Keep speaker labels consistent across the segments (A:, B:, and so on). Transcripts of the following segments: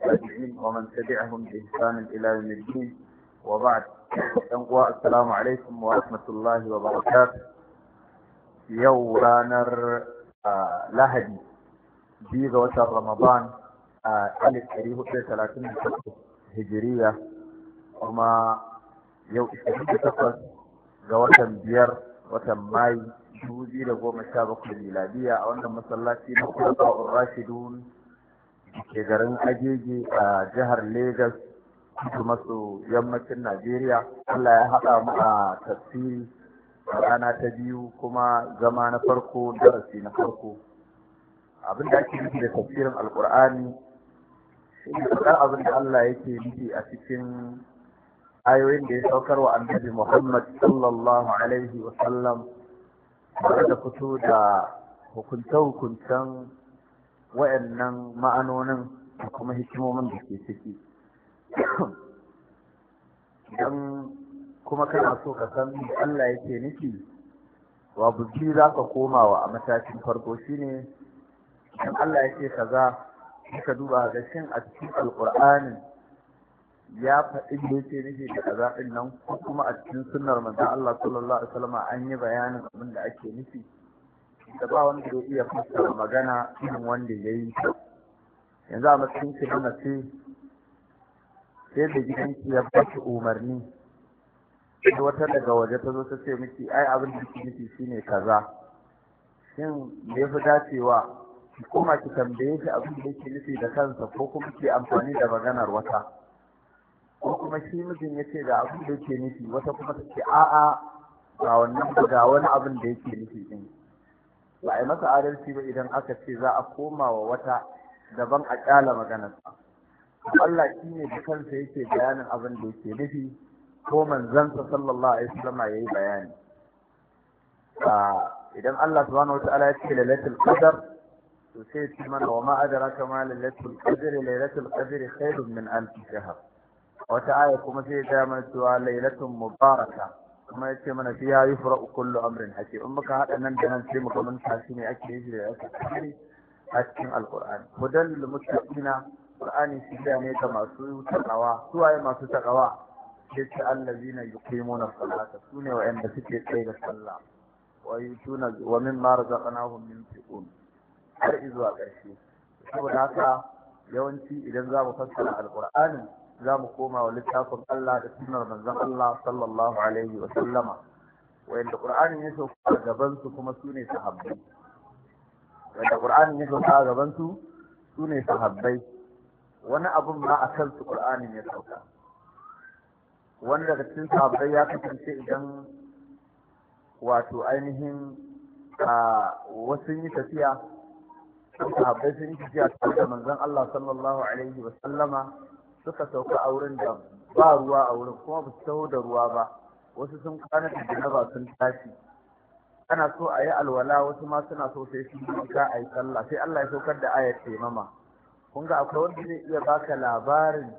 A: والتابعين ومن تبعهم بإحسان إلى يوم الدين وبعد السلام عليكم ورحمة الله وبركاته يوم لا هدي في وتر رمضان آه، ألف كريه ثلاثين هجرية وما يوم الشهيد تقص جوتم بير وتم ماي جوزي لقوم الشابق الميلادية وأن مسلاتي نقصة الراشدون ke garin agege a jihar Legas kudu maso yammacin Najeriya. Allah ya haɗa mu a tafsiri rana ta biyu kuma zama na farko darasi na farko. Abin da ake nufi da tafsirin Alƙur'ani shi ne abin da Allah yake nufi a cikin ayoyin da ya saukar wa annabi Muhammad sallallahu alaihi wa sallam da fito da hukunce-hukuncen wa'annan ma'anonin da kuma hikimomin da ke ciki don kuma kana so ka san Allah yake nufi wa buji za ka koma a matakin farko shine in Allah yake kaza ka duba ga shin a cikin alqur'ani ya faɗi da yake nufi da kaza din nan kuma a cikin sunnar manzon Allah sallallahu alaihi wasallam an yi bayanin abin da ake nufi da ba wanda ya iya fassara magana cikin wanda ya yi ta yanzu a matsayin shi na mace sai da gidanki ya ba ki umarni sai wata daga waje ta zo ta ce miki ai abin da kike nufi shine kaza shin me yafi dacewa ki koma ki tambaye shi abin da yake nufi da kansa ko kuma ki amfani da maganar wata ko kuma shi mijin ya ce ga abin da yake nufi wata kuma ta ce a'a ga wannan ga wani abin da yake nufi din ba a yi masa adalci ba idan aka ce za a koma wa wata daban a ƙyala maganarsa Allah shi ne da kansa yake bayanin abin da yake nufi ko manzansa sallallahu alaihi wasallam yayi bayani idan Allah subhanahu wataala ya ce lailatul qadr to sai ya ce mana wa ma adraka ma lailatul qadr lailatul qadr khairun min alf shahr wata aya kuma sai ya ga mana cewa lailatul mubaraka kuma ya ce mana fiya yi fura kullu amrin hake in muka haɗa nan da nan sai muka manta shi ne ake yi da ake kare a cikin alkur'ani hudan lil muttaqina qur'ani shi da ne ga masu takawa su waye masu takawa Ke ce allazina yuqimuna salata su ne wa'anda suke tsaye da sallah wa yutuna wa mimma razaqnahum yunfiqun har izuwa ƙarshe saboda haka yawanci idan za mu fassara alkur'anin za mu koma wa littafin Allah da sunar manzan Allah sallallahu alaihi wasallama sallama wanda Qur'ani ya sauka a gabansu kuma su ne sahabbai wanda Qur'ani ya sauka a gabansu su su ne sahabbai wani abin ma a kan su Qur'ani ya sauka wanda daga cikin sahabbai ya kasance idan wato ainihin a wasu yi tafiya sun sahabbai sun yi tafiya tare da manzan Allah sallallahu alaihi wasallama suka sauka a wurin da ba ruwa a wurin kuma ba su taho da ruwa ba wasu sun kwana da janaba sun tashi ana so a yi alwala wasu ma suna so sai su yi ka a yi sallah sai Allah ya saukar da ayat taimama kun ga akwai wanda zai iya baka labarin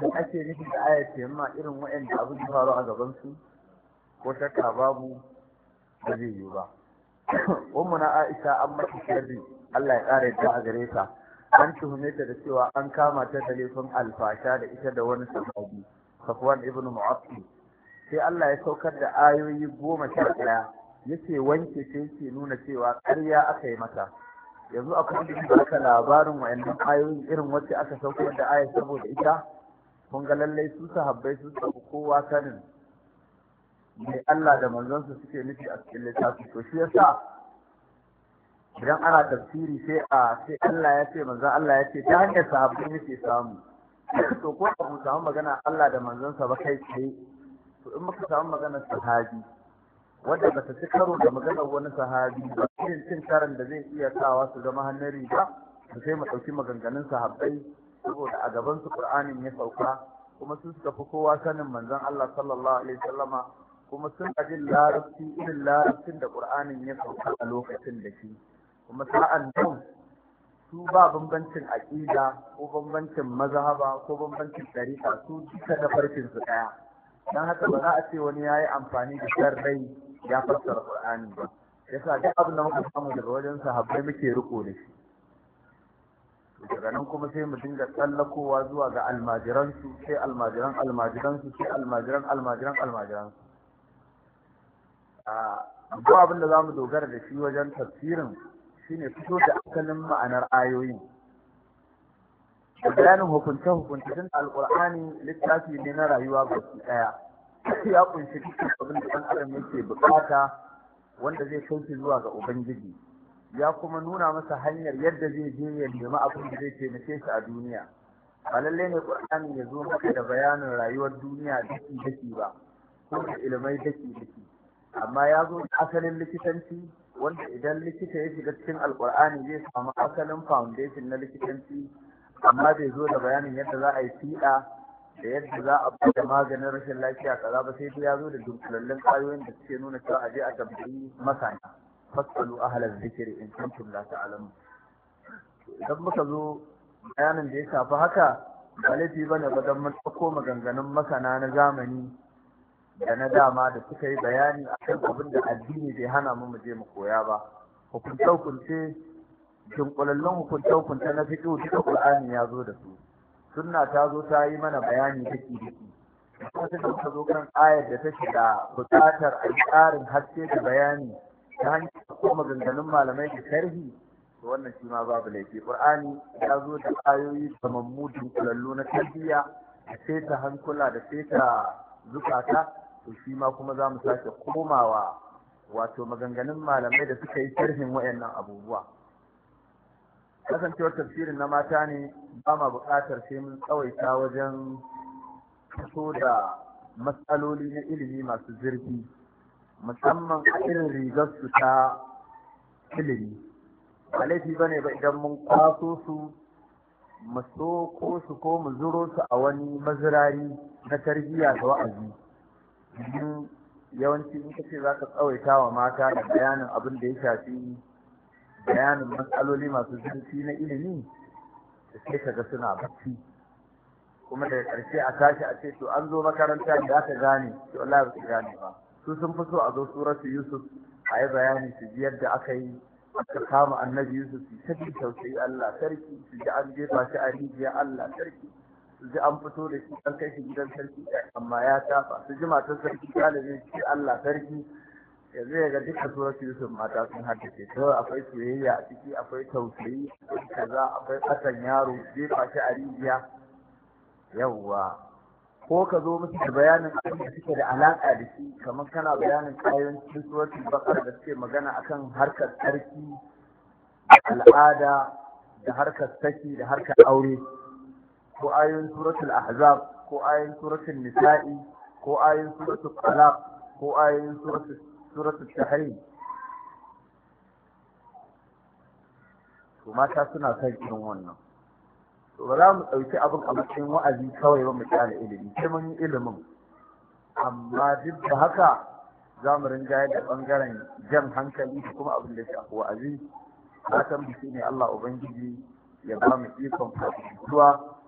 A: da ake nufi da ayat taimama irin waɗanda abin da faru a gaban su ko shakka babu ba zai yi ba ummuna Aisha an mata sharri Allah ya kare yadda a gare ta an tuhume ta da cewa an kama ta da laifin alfasha da ita da wani sahabi Safwan ibn Mu'affil sai Allah ya saukar da ayoyi goma sha ɗaya yake wanke sai ke nuna cewa ƙarya aka yi mata yanzu akwai da aka labarin wayannan ayoyin irin wacce aka saukar da aya saboda ita kun ga lallai su sahabbai su sabu kowa sanin mai Allah da manzansa suke nufi a cikin littafi to shi yasa idan ana tafsiri sai a sai Allah ya ce manzon Allah ya ce ta hanyar sahabbai ke samu to ko ba mu samu magana Allah da manzonsa ba kai tsaye to in muka samu magana sahabi wanda ba ta ci karo da maganar wani sahabi ba irin cin karan da zai iya sawa su zama hannun ba su sai mu ɗauki maganganun sahabbai saboda a gaban su Qur'anin ya sauka kuma sun suka fi kowa sanin manzon Allah sallallahu alaihi wasallama kuma sun ajin larabci irin larabcin da Qur'anin ya sauka a lokacin da shi kuma sa'an nan su ba bambancin aƙida ko bambancin mazhaba ko bambancin ɗariƙa su duka na farkin su ɗaya don haka ba za a ce wani ya yi amfani da sarrai ya fassara ƙur'ani ba Ya sa, duk abin da muka samu daga wajen sahabbai muke riko da shi daga nan kuma sai mu dinga tsallakowa zuwa ga almajiransu sai almajiran almajiransu sai almajiran almajiran almajiransu a ah, abin da za mu dogara da shi wajen tafsirin shine fito da asalin ma'anar ayoyin da bayanin hukunce hukuncen Alƙur'ani, littafi ne na rayuwa su daya ya kunshi dukkan abin da ɗan adam yake bukata wanda zai kai shi zuwa ga ubangiji ya kuma nuna masa hanyar yadda zai je ya nemi abin da zai taimake shi a duniya ba lallai ne ƙur'ani ya zo maka da bayanin rayuwar duniya daki daki ba ko da ilimai daki daki amma ya zo da asalin likitanci wanda idan likita ya shiga cikin alkur'ani zai samu asalin foundation na likitanci amma bai zo da bayanin yadda za a yi fiɗa da yadda za a da maganin rashin lafiya kaza ba sai ya zo da dunkulallun ƙwayoyin da suke nuna cewa aje a tambayi masana fasalu ahlal zikri in kuntum la alamu. idan muka zo bayanin da ya shafi haka ba ne bane ba dan mun ɗauko maganganun masana na zamani da na dama da suka yi bayani akan abin da addini bai hana mu je mu koya ba hukunce hukunce dunkulallun hukunce hukunce na fiƙo duka ƙur'ani ya zo da su sunna ta zo ta yi mana bayani da daki wata da ta zo kan ayar da ta shiga buƙatar a ƙarin haske da bayani ta hanyar ko maganganun malamai da sharhi to wannan shi ma babu laifi qur'ani ya zo da ayoyi kamammu dunkulallu na tarbiyya da ta hankula da ta zukata to shi ma kuma za mu sake komawa wato maganganun malamai da suka yi sharhin wayannan abubuwa kasancewar tafsirin na mata ne ba ma buƙatar sai mun tsawaita wajen kaso da matsaloli na ilimi masu zurfi musamman a irin rigar su ta ilimi ba laifi ba ne ba idan mun kwaso su mu ko su ko mu zuro su a wani mazirari na tarbiyya da wa'azi domin yawanci in ka ce za ka tsawaita wa mata da bayanin abin da ya shafi bayanin matsaloli masu zurfi na ilimi da sai ka ga suna bacci kuma daga ƙarshe a tashi a ce to an zo makaranta da aka gane to Allah ba gane ba su sun fi so a zo suratu Yusuf a yi bayani su ji yadda aka yi aka kama annabi Yusuf su ta tausayi Allah sarki su ji an jefa shi a rijiya Allah sarki su an fito da shi an kai shi gidan sarki amma ya tafa su ji ta sarki galibin shi Allah sarki yanzu ya ga duka suratu yusuf mata sun haddace to akwai soyayya a ciki akwai tausayi akwai kaza akwai kasan yaro zai fashi a rijiya yawwa ko ka zo musu da bayanin abin da suke da alaƙa da shi kamar kana bayanin kayan cikin bakar da suke magana akan harkar sarki al'ada da harkar saki da harkar aure ko ayoyin suratul ahzab ko ayoyin suratul nisa'i ko ayoyin suratul talaq ko ayoyin suratul suratul tahrim to mata suna son irin wannan to ba za mu ɗauki abin a matsayin wa'azi kawai ba mu kyale ilimi sai mun yi ilimin amma duk da haka za mu ringa da ɓangaren jan hankali da kuma abin da shafi wa'azi fatan biki ne Allah Ubangiji ya ba mu ikon fahimtuwa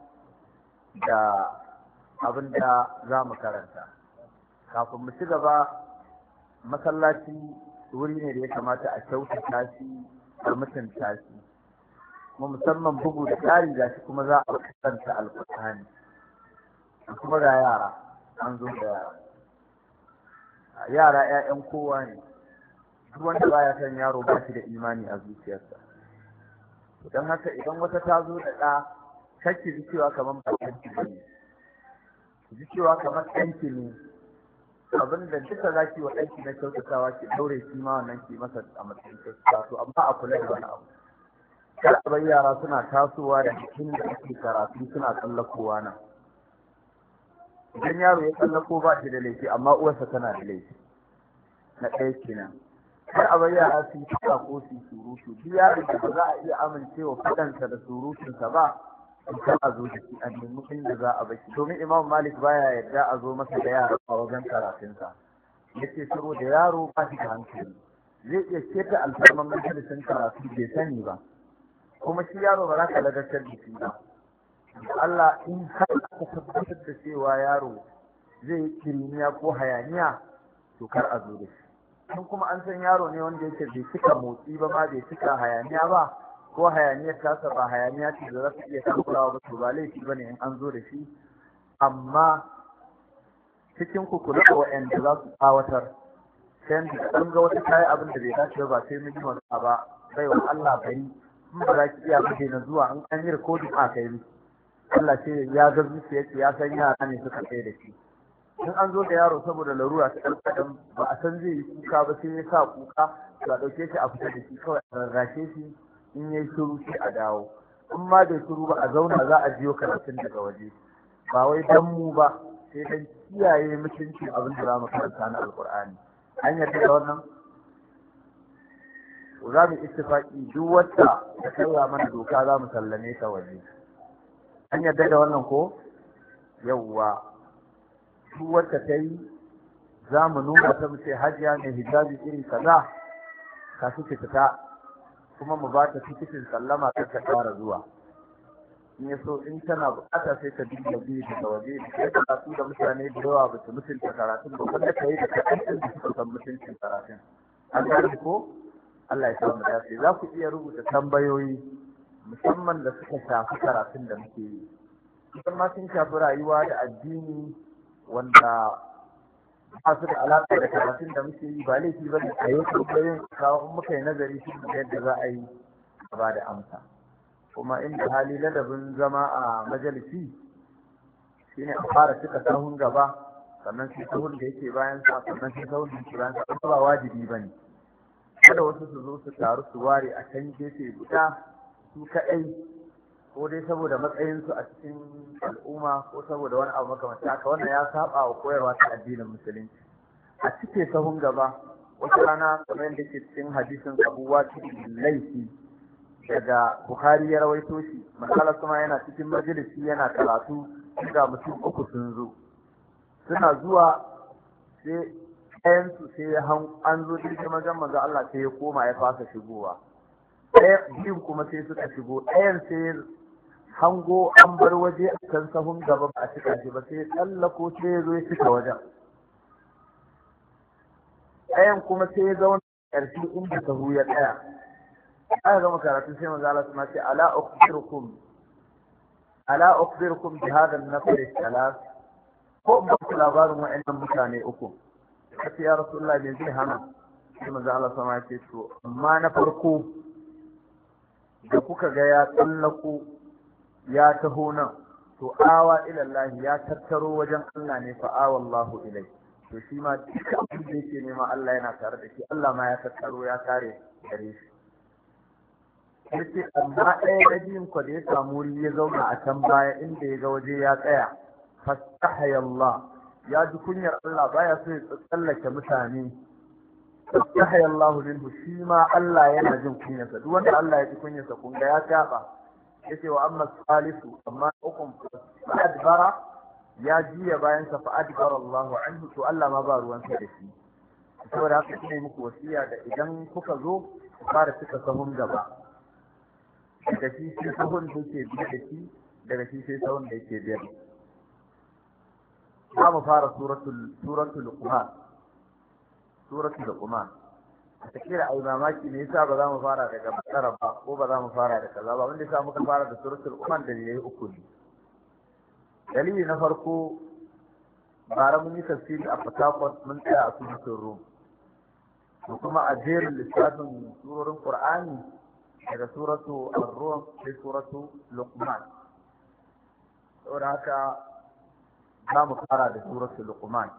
A: da abin da za mu karanta kafin mu ci gaba masallaci wuri ne da ya kamata a kyauta shi da mutunta shi kuma musamman bugu da tsari ga shi kuma za a karanta da kuma ga yara an zo da yara yara 'ya'yan kowa ne duk wanda baya son yaro ba shi da imani a zuciyarsa don haka idan wata ta zo da ɗa kake ji cewa kamar ba kanki ba ne ji cewa kamar kanki ne abin da duka za ki wa ɗanki na kyautatawa ki ɗaure shi ma wannan ki masa a matsayin kyautata to amma a kula da wani abu kalabar yara suna tasowa da jikin da ake karatu suna tsallakowa nan idan yaro ya tsallako ba shi da laifi amma uwarsa tana da laifi na ɗaya kenan har a bai yara su yi ko su surutu duk yaron da ba za a iya amincewa faɗansa da surutunsa ba kar a zo da shi a nemi inda za a baki domin imam malik baya yarda a zo masa da yara a wajen karatunsa yace saboda yaro ba shi da hankali zai iya keta alfarman majalisin karatu bai sani ba kuma shi yaro ba za ka ladartar da shi ba Allah in har aka tabbatar da cewa yaro zai yi kiriniya ko hayaniya to kar a zo da shi kuma an san yaro ne wanda yake bai cika motsi ba ma bai cika hayaniya ba ko hayaniyar tasa ba hayaniya ce da za su iya takurawa ba to ba laifi ba ne in an zo da shi amma cikin ku kula da za su tsawatar sai da kun ga wata kayan abin da bai dace ba sai mun yi wasa ba bai wa Allah bari in ba za ki iya bude na zuwa an an yi rikodin a kai Allah ce ya ga yake ya san yara ne suka tsaye da shi in an zo da yaro saboda larura ta ɗan ba a san zai yi kuka ba sai ya sa kuka ba ɗauke shi a fita da shi kawai a rarrashe shi in yi shuru sai a dawo in ma bai shuru ba a zauna za a biyo karatun daga waje ba wai dan mu ba sai dan kiyaye mutuncin abin da za mu karanta na alkur'ani an yarda da wannan za mu ittifaki duk wata ta kaiwa mana doka za mu sallame ta waje an yarda da wannan ko yawwa duk wata ta yi za mu nuna ta mu ce hajiya ne hijabi iri kaza ka suke fita kuma mu ba ta tikitin sallama kar ta fara zuwa in ya so in tana bukata sai ta dinga bi da waje sai karatu da mutane da yawa ba mutun mutunta karatun ba wanda ta yi da kaɗan da suka san mutuncin karatun an gane ko Allah ya samu dace za ku iya rubuta tambayoyi musamman da suka shafi karatun da muke yi idan ma sun shafi rayuwa da addini wanda masu da alaƙa da karatun da muke yi ba laifi ba a yi kokarin kawo muka yi nazari shi da yadda za a yi a ba da amsa kuma inda hali ladabin zama a majalisi shi ne a fara cika sahun gaba sannan shi sahun da yake bayan sa sannan shi sahun da yake bayan sa ba wajibi ba ne kada wasu su zo su taru su ware a can gefe guda su kaɗai ko dai saboda matsayinsu a cikin al'umma ko saboda wani abu makamancin haka wannan ya saba wa koyarwa ta addinin musulunci a cike sahun gaba wata rana kamar yadda ke cikin hadisin abubuwa cikin laifi daga buhari ya rawaito shi masala kuma yana cikin majalisi yana karatu ga mutum uku sun zo suna zuwa sai ɗayansu sai an zo jirgin magan maza Allah sai ya koma ya fasa shigowa ɗaya biyun kuma sai suka shigo ɗayan sai hango an bar waje a kan sahun gaba ba a cika shi ba sai tsallako sai ya zo ya cika wajen ɗayan kuma sai ya zauna ƙarfi inda sahu ya tsaya aka gama karatu sai maza Allah suna ce ala ukhbirukum ala ukhbirukum bi hadha an al-thalath ko ba ku labarin wa'annan mutane uku kace ya rasulullah bin zai hana sai maza Allah sama ce to amma na farko da kuka ga ya tsallako ya taho nan to awa ilallahi ya tattaro wajen Allah ne fa awa Allahu ilai to shi ma duka abin da yake nema Allah yana tare da shi Allah ma ya tattaro ya kare gare shi yace amma ɗaya da ku da ya samu wuri ya zauna a can baya inda ya ga waje ya tsaya fastahaya Allah ya ji kunyar Allah baya so ya tsallake mutane fastahaya Allah minhu shi ma Allah yana jin kunyarsa duk wanda Allah ya ji kunyarsa kun ga ya taba yace wa amma salisu amma ukun fa adbara ya jiya bayan sa fa adbara Allah anhu to Allah ma ba ruwan sa da shi saboda haka ina muku wasiya da idan kuka zo ku fara cika sahun gaba daga shi sai sahun da yake biye da shi daga shi sai sahun da yake biye za mu fara suratul suratul luqman suratul luqman watakila a yi mamaki me yasa ba za mu fara daga matsarar ba ko ba za mu fara da kaza ba wanda yasa muka fara da suratul umar da yayi uku ne dalili na farko bara mun yi tafsiri a fatakot mun tsaya a suratul rum da kuma a jerin lissafin surorin qur'ani daga suratu ar-rum sai suratu luqman saboda haka za mu fara da suratu luqman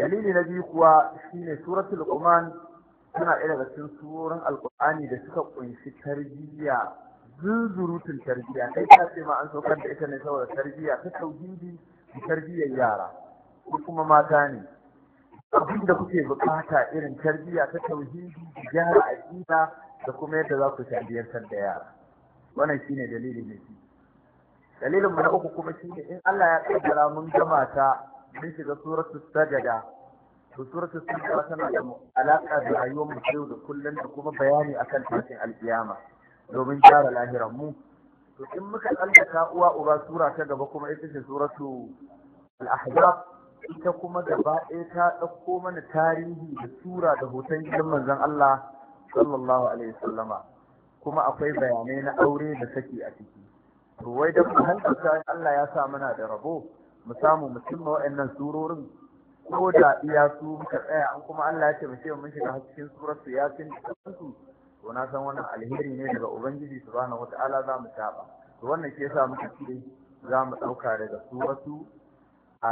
A: dalili na biyu kuwa shine suratul lukman, tana ɗaya daga cikin surorin Alƙur'ani da suka kunshi tarbiyya zuzurutun tarbiyya kai ta ce ma an saukar da ita ne saboda tarbiyya ta tauhidi da tarbiyyar yara ko kuma mata ne abin da kuke bukata irin tarbiyya ta tauhidi da gyara aqida da kuma yadda za ku tarbiyyantar da yara wannan shine dalilin da shi dalilin mu na uku kuma shine in Allah ya kaddara mun gama mun shiga suratu sajada to suratu sajada tana da alaƙa da rayuwar mu yau da kullum da kuma bayani akan tashin alkiyama domin gyara lahiran mu to in muka tsallaka uwa uba sura ta gaba kuma ita ce suratu al-ahzab ita kuma gaba ɗaya ta ɗauko mana tarihi da sura da hoton gidan manzon Allah sallallahu alaihi wasallama kuma akwai bayanai na aure da saki a ciki to wai da hankalta Allah ya sa mana da rabo mu samu mu cimma waɗannan surorin ko da iya su muka tsaya an kuma Allah ya ce mu ce mun shiga cikin surar su ya cin su to na san wannan alheri ne daga ubangiji subhanahu wataala za mu saba to wannan ke yasa muka ce za mu ɗauka daga suratu a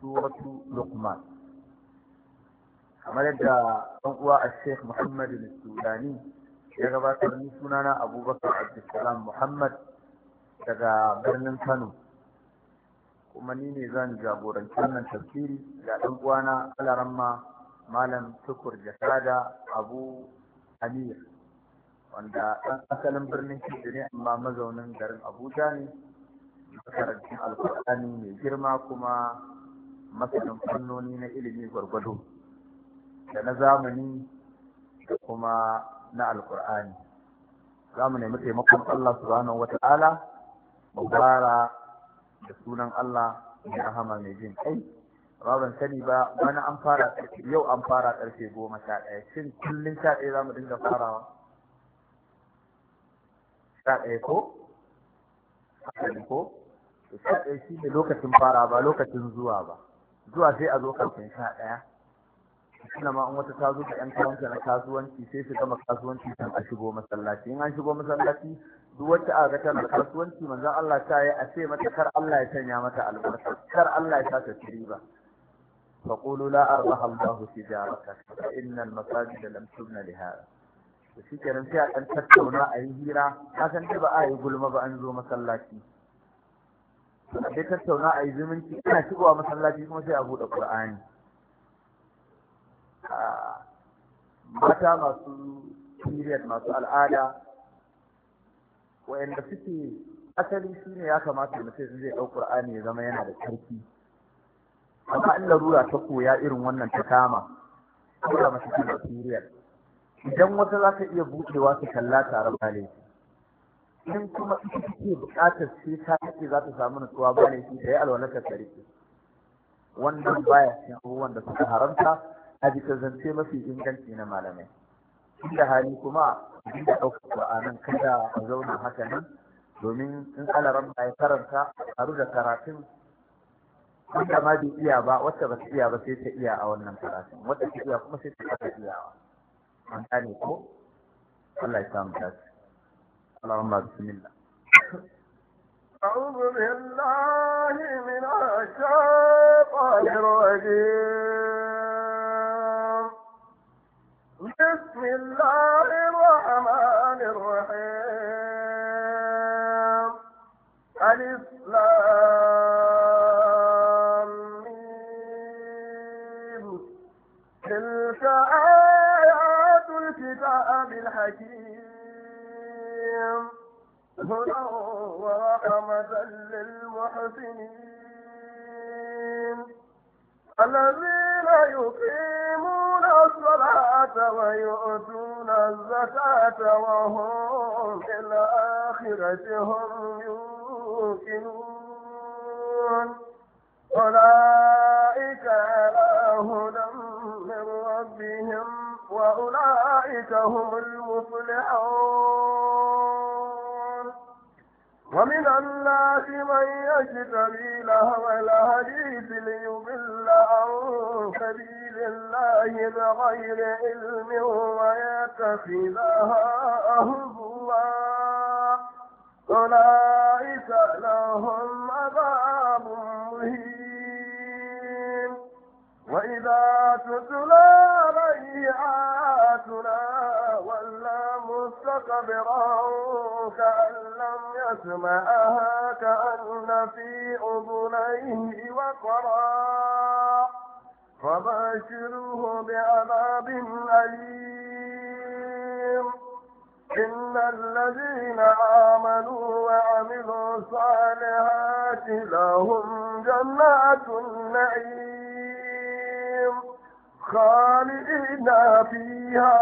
A: suratu luqman kamar yadda ɗan uwa a sheikh muhammad sudani ya gabatar ni sunana abubakar abdulsalam muhammad daga birnin kano kuma ni ne zan jagoranci wannan tafsiri ga ɗan uwana alaramma malam tukur jasada abu amir wanda ɗan asalin birnin kudu ne amma mazaunin garin abuja ne makarantun alkur'ani mai girma kuma masanin fannoni na ilimi gwargwado da na zamani da kuma na alkur'ani za mu nemi taimakon allah subhanahu ta'ala mu fara da sunan Allah mai rahama mai jin kai ban sani ba wani an fara yau an fara karfe goma sha ɗaya shin kullum sha ɗaya za mu dinga farawa sha ɗaya ko haka ko sha ɗaya shi ne lokacin fara ba lokacin zuwa ba zuwa sai a zo kafin sha ɗaya suna ma an wata ta zo da ƴan kawanta na kasuwanci sai su gama kasuwanci kan a shigo masallaci in an shigo masallaci duk wacce aka ga tana kasuwanci manzon Allah ta yi a ce mata kar Allah ya sanya mata albarka kar Allah ya sa ta riba فقولوا لا أربح الله تجارتك فإن المساجد لم تبن to shi kenan sai a ɗan tattauna a yi hira na san ta ba a yi gulma ba an zo masallaci a dai tattauna a yi zumunci ina shigowa masallaci kuma sai a buɗe ƙur'ani ah, mata masu period masu al'ada wayanda suke asali shi ne ya kamata in zai ɗau ƙur'ani ya zama yana da ƙarfi amma in larura ta koya irin wannan ta kama kula masa kan asiriyar. idan wata za ta iya buɗewa ta kalla tare ba ne in kuma ita take buƙatar sai ta take za ta samu nutsuwa ba ne ta yi alwalatar ta wannan baya cikin abubuwan da suka haramta a bisa zance mafi inganci na malamai inda hali kuma da ɗaukar Qur'anin kada a zauna haka nan domin in alaran ya karanta a da karatun wanda ma bai iya ba wacce ba ta iya ba sai ta iya a wannan karatun wacce ta iya kuma sai ta kasa iyawa an gane ko Allah ya samu dace Allahumma bismillah
B: أعوذ بالله من الشيطان الرجيم بسم الله الرحمن الرحيم الإسلام تلك آيات الكتاب الحكيم هدى ورحمة للمحسنين الذين يقيمون الصلاة ويؤتون الزكاة وهم بالآخرة هم يوقنون أولئك على هدى من ربهم وأولئك هم المفلحون ومن الناس من يجتمي لهو الحديث ليضل عن سبيل لله بغير علم ويتخذها الله أولئك لهم عذاب مهين وإذا تتلى عليه آياتنا ولا مستكبرا كأن لم يسمعها كأن في أذنيه وقرا فباشره بعذاب أليم إن الذين آمنوا وعملوا الصالحات لهم جنات النعيم خالدين فيها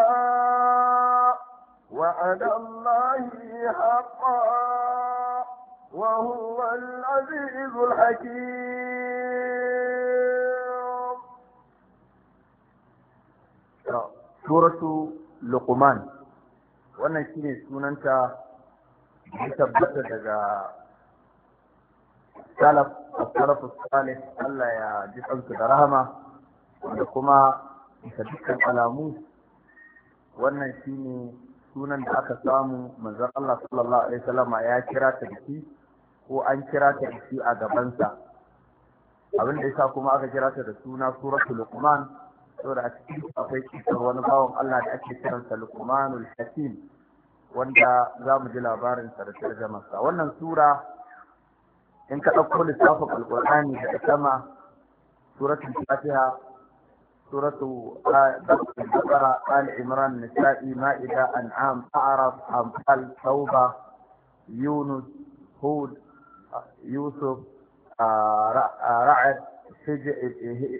B: وعد الله حقا وهو العزيز الحكيم
A: suratu luqman wannan shine sunanta ya tabbata daga salaf salaf salih Allah ya ji kansu da rahama da kuma ta dukkan alamu wannan shine sunan da aka samu manzo Allah sallallahu alaihi wasallam ya kira ta biki ko an kira ta biki a gabansa abin da yasa kuma aka kira ta da suna suratul luqman saboda a cikin akwai kisar wani bawan Allah da ake kiransa Luqmanul Hakim wanda za mu ji labarin sa da tarjamarsa wannan sura in ka ɗauko littafin alƙur'ani da sama suratul fatiha suratu al-baqara al-imran nisa'i ma'ida an'am a'raf anfal tauba yunus hud yusuf ra'ad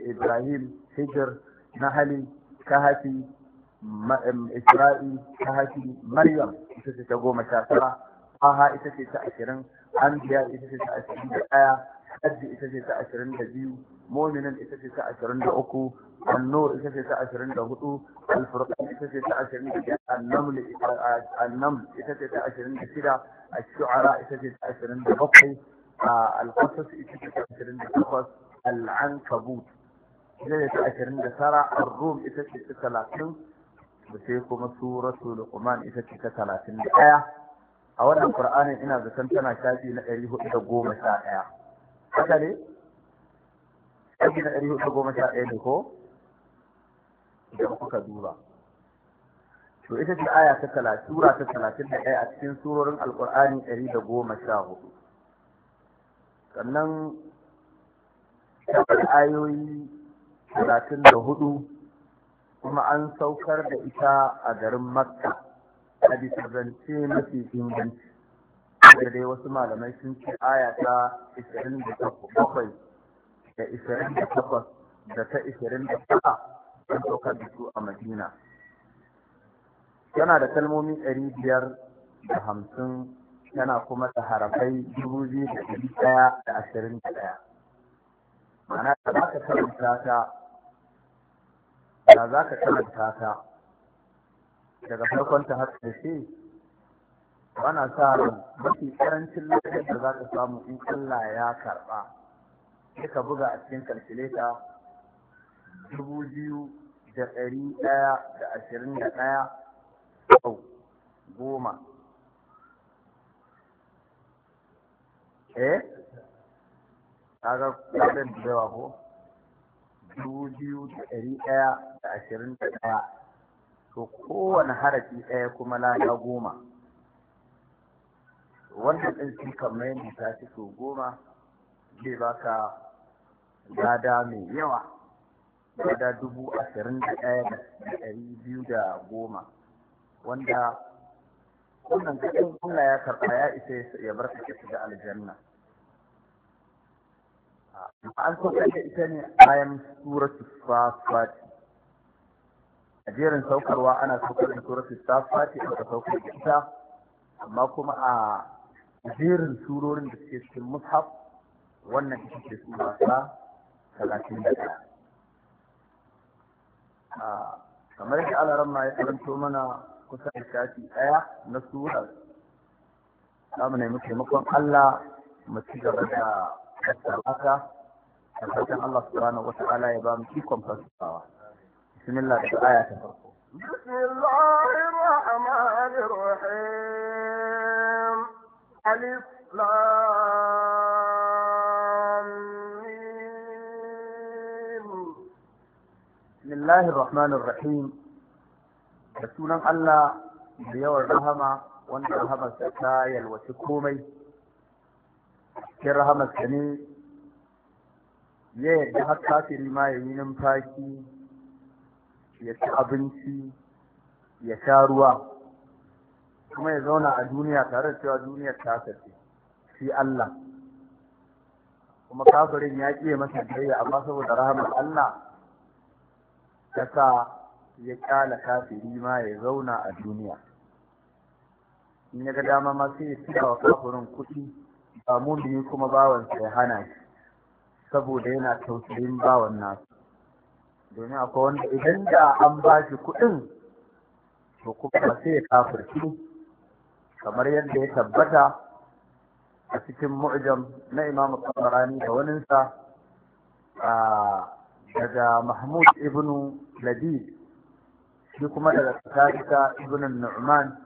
A: ibrahim hijr Na hali nahali
B: Isra'il,
A: isra'i kahafi maryam ita ce ta goma sha tara aha ita ce ta ashirin anbiya ita ce ta ashirin da ɗaya hajji ita ce ta ashirin da biyu mominin ita ce ta ashirin da uku annur ita ce ta ashirin da hudu alfurqan ita ce ta ashirin da biyar annaml ita ce ta ashirin da shida ce ta ashirin da الشعراء اتجد عشرين ببطي القصص اتجد عشرين بقصص العنكبوت ita ne ta ashirin da tara ar-rum ita ce ta talatin da sai kuma suratu luqman ita ce ta talatin da ɗaya a wannan qur'anin ina zaton tana shafi na ɗari hudu da goma sha ɗaya haka ne shafi na ɗari hudu da goma sha ɗaya ne ko idan kuka duba to ita ce aya ta talatin sura ta talatin da ɗaya a cikin surorin alƙur'ani ɗari da goma sha hudu sannan shafi ayoyi talatin da hudu kuma an saukar da ita a garin makka a bisa zance mafi inganci da dai wasu malamai sun ce aya ta 27 da 28 da ta 29 an saukar da su a madina yana da kalmomi ɗari biyar da hamsin yana kuma da harafai dubu biyu da ɗari ɗaya da ashirin da ɗaya ma'ana da ba ka karanta ta da za ka karanta ta daga farkon ta har ƙarshe ana sa ran mafi ƙarancin lokacin da za ka samu in Allah ya karɓa sai ka buga a cikin kalkuleta dubu biyu da ɗari ɗaya da ashirin da ɗaya sau goma eh kaga kuɗin da yawa ko dubu biyu da ɗari ɗaya da ashirin da ɗaya to kowane harafi ɗaya kuma lada goma wannan ɗin sun kamar yadda ta fi so goma zai baka gada mai yawa gada dubu ashirin da ɗaya da ɗari biyu da goma wanda wannan kaɗin kuna ya karɓa ya isa ya bar ka da aljanna an so da ita ne ayan suratul safat a jerin saukarwa ana saukar da suratul safati aka saukar da ita amma kuma a jerin surorin da suke cikin mushaf wannan ita ce sura ta talatin da ɗaya kamar yadda alaran ya karanto mana kusan shafi ɗaya na sura za mu nemi taimakon Allah mu ci gaba da ta Allah subhanahu wa ta'ala ya ba mu ikon fasawa بسم الله الآية بسم
B: الله الرحمن الرحيم ألف
A: بسم الله الرحمن الرحيم رسولا الله بيور رحمة وان رحمة ستايا الوشكومي كي رحمة سنين ya yadda har kafiri ma ya yi numfashi ya ci abinci ya sha ruwa kuma ya zauna a duniya tare da cewa duniyar ta tafi shi Allah kuma kafirin ya ƙiye masa jayya amma saboda rahamar Allah ta ya ƙyala kafiri ma ya zauna a duniya in ya ga dama ma sai ya tura wa kafirin kuɗi ba mumini kuma bawansa ya hana shi saboda yana tausayin bawan nasu domin akwai wanda idan da an ba shi kuɗin to kuma sai ya kafirci kamar yadda ya tabbata a cikin mu'jam na imam tabarani da waninsa daga mahmud ibn ladid shi kuma daga tarika ibn nu'man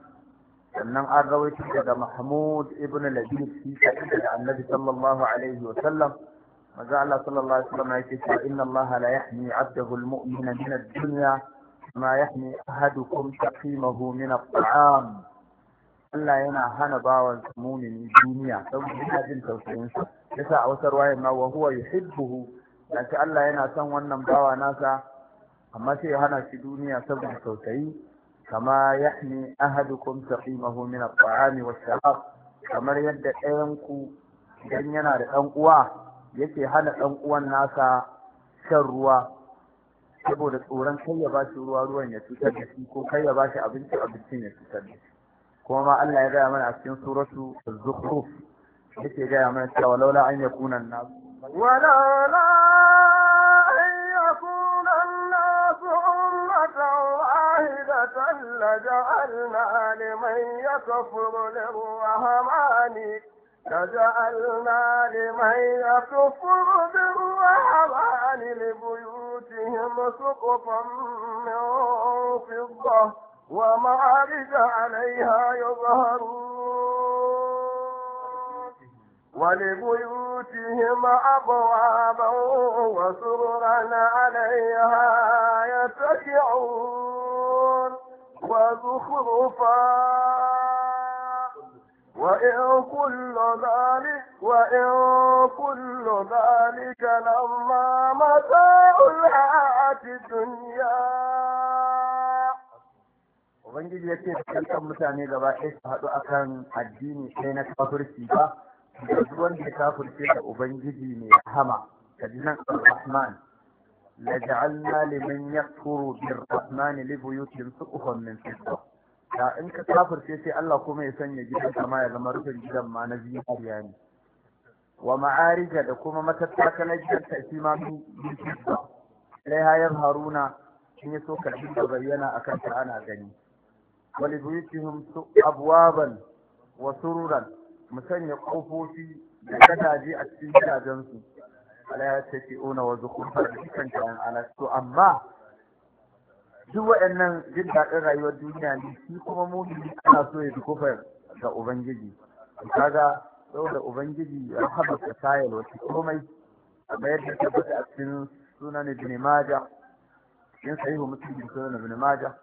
A: sannan an rawaito daga mahmud ibn ladid shi ta daga annabi sallallahu alaihi wa sallam manzo Allah sallallahu alaihi wasallam yake cewa inna Allah la yahmi 'abdahu al-mu'mina min ad-dunya ma yahmi ahadukum taqimahu min at-ta'am Allah yana hana bawan mumini duniya saboda yana jin tausayin sa yasa a wasar wayan ma wa huwa yuhibbuhu lakin Allah yana son wannan bawa nasa amma sai ya hana shi duniya saboda tausayi kama yahmi ahadukum taqimahu min at-ta'am was-sharab kamar yadda ɗayan ku idan yana da ɗan uwa yake hana ɗan uwan nasa shan ruwa saboda tsoron kai ya ba shi ruwa ruwan ya cutar da shi ko kai ya ba shi abinci abincin ya cutar da shi kuma ma Allah ya gaya mana a cikin suratu az-zukhruf yake gaya mana cewa laula an yakuna an-nas
B: walaula an yakuna an-nas ummatan wahidatan ja'alna liman yakfuru lir فجعلنا لمن يكفر بالرحمن لبيوتهم سقفا من فضة ومعارج عليها يظهرون ولبيوتهم أبوابا وسررا عليها يتكعون وزخرفا وإن كل ذلك وإن كل ذلك لما متاع الحياة الدنيا
A: Ubangiji ya ce dukkan mutane gaba ɗaya su haɗu akan addini ɗaya na kafirci ba, da wanda ya kafirce da Ubangiji mai rahama, ka ji nan Al-Rahman, لجعلنا لمن يكفر بالرحمن لبيوتهم سقفا من فضة da in ka kafirce sai Allah kuma ya sanya gidan kama ya zama rufin gidan ma na zinariya ne wa ma'arija da kuma matattaka na gidan ta shi ma su bikinsa sai hayar haruna in ya so karfi da bayyana a ta ana gani Wani buyutihim su abwaban wa sururan mu sanya kofofi da gadaje a cikin gidajensu ala ta ce ona wa zukufar da dukkan kayan alas amma duk waɗannan jin daɗin rayuwar duniya ne shi kuma muni ana so ya kufar ga ubangiji kaga saboda ubangiji ya haɓa ta sayar wata komai a bayar da tabbata a cikin sunan ibn majah cikin sahihu muslim sunan ibn maja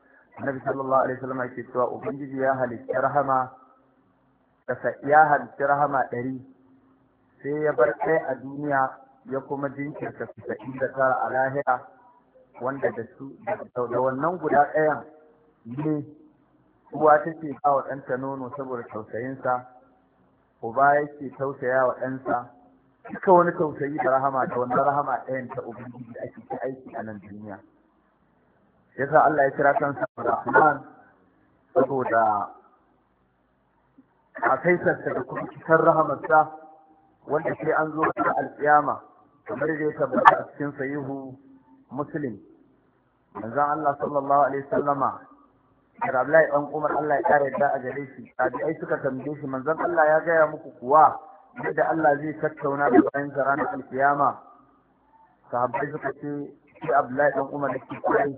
A: annabi sallallahu alaihi wasallam yake cewa ubangiji ya halitta rahama ya halitta rahama ɗari sai ya bar ɗaya a duniya ya kuma jinkirta inda a lahira wanda da su da wannan guda ɗayan ne uwa take ba wa ɗanta nono saboda tausayinsa uba yake tausaya wa ɗansa duka wani tausayi da rahama da wannan rahama ɗayan ta ubangiji da ake ta aiki a nan duniya yasa Allah ya kira kansa Rahman saboda a kaisarsa da kuma cikin rahamarsa wanda sai an zo da alƙiyama kamar dai ya tabbata cikin sayihu muslim manzon Allah sallallahu alaihi wasallama da Abdullahi dan Umar Allah ya kare da a gare shi tabi'ai suka tambaye shi manzon Allah ya gaya muku kuwa yadda Allah zai tattauna da bayan ranar alkiyama sahabbai suka ce shi Abdullahi dan Umar da ke kai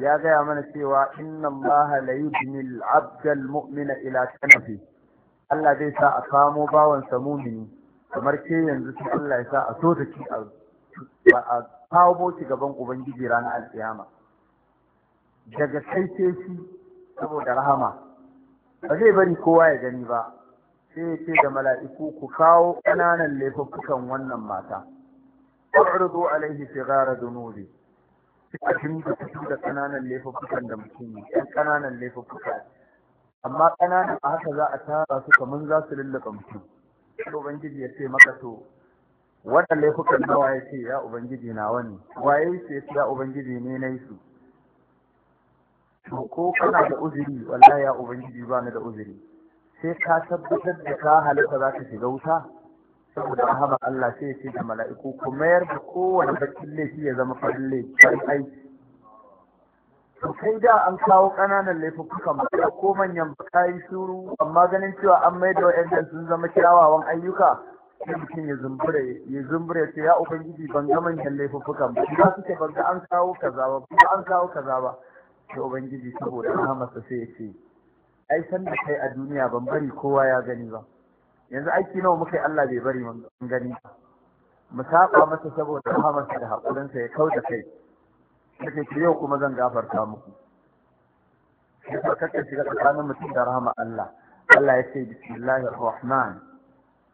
A: ya gaya mana cewa inna Allah la yudnil abdal mu'mina ila kanafi Allah zai sa a kamo bawan sa mumini kamar ke yanzu sai Allah ya sa a so ta ki a kawo boci gaban ubangiji ranar alkiyama daga kai shi saboda rahama ba zai bari kowa ya gani ba sai ya ce da mala'iku ku kawo ƙananan laifuffukan wannan mata ƙwararru alaihi sigara dunubi suka da fito da ƙananan laifuffukan da mutum yi ɗan ƙananan laifuffuka amma ƙananan a haka za a tara su kamar za su lullaka mutum ubangiji ya ce maka to wannan laifukan nawa ya ce ya ubangiji na wani waye ce ya ubangiji ne na su ko kana da uzuri wallahi ya ubangiji ba ni da uzuri sai ka tabbatar da ka halitta za ka shiga wuta saboda rahama Allah sai ya ce da mala'iku ku mayar da kowane bakin laifi ya zama farin laifi aiki to da an kawo ƙananan laifukan ko manyan bakayi shuru amma ganin cewa an mai da wa'yan sun zama kyawawan ayyuka sai mutum ya zumbura ya zumbura ya ce ya ubangiji ban ga manyan laifuffukan ba ba suke ban ga an kawo kaza ba ko an kawo kaza ba sai ubangiji saboda rahamarsa sai ya ce ai san da kai a duniya ban bari kowa ya gani ba yanzu aiki nawa muka yi Allah bai bari mun gani ba mu saba masa saboda rahamarsa da hakurinsa ya kauda kai kace ce yau kuma zan gafarta muku sai ka kace shiga tsakanin mutum da rahama Allah Allah ya ce bismillahir rahim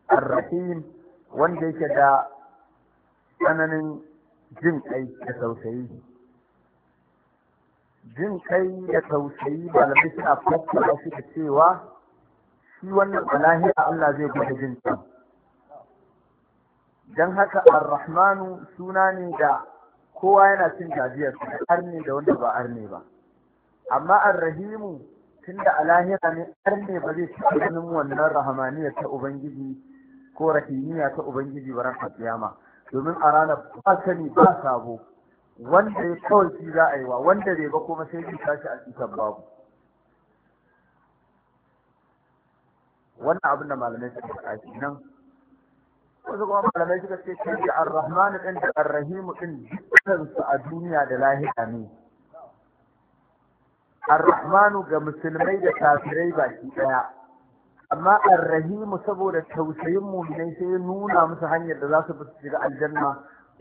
A: arrahim wanda yake da tsananin jin kai da tausayi jin kai da tausayi malamai suna fassara shi da cewa shi wannan alahiya Allah zai gudu jin kai haka ar-rahmanu suna ne da kowa yana cin gajiyar su ne da wanda ba arne ba amma arrahimu rahimu tunda alahira ne arne ba zai ci wannan wannan rahamaniyar ta ubangiji ko rahimiya ta ubangiji wa ranar kiyama domin a ranar ba sani ba sabo wanda ya kawai shi za a yi wa wanda bai ba kuma sai ta tashi a cikin babu wannan abin da malamai suka faɗa nan. wasu kuma malamai suka ce kai da ar-rahman din da ar rahimu din dukkan su a duniya da lahira ne ar rahmanu ga musulmai da kafirai baki ɗaya. amma arrahimu saboda tausayin muminai sai ya nuna musu hanyar da za su su shiga aljanna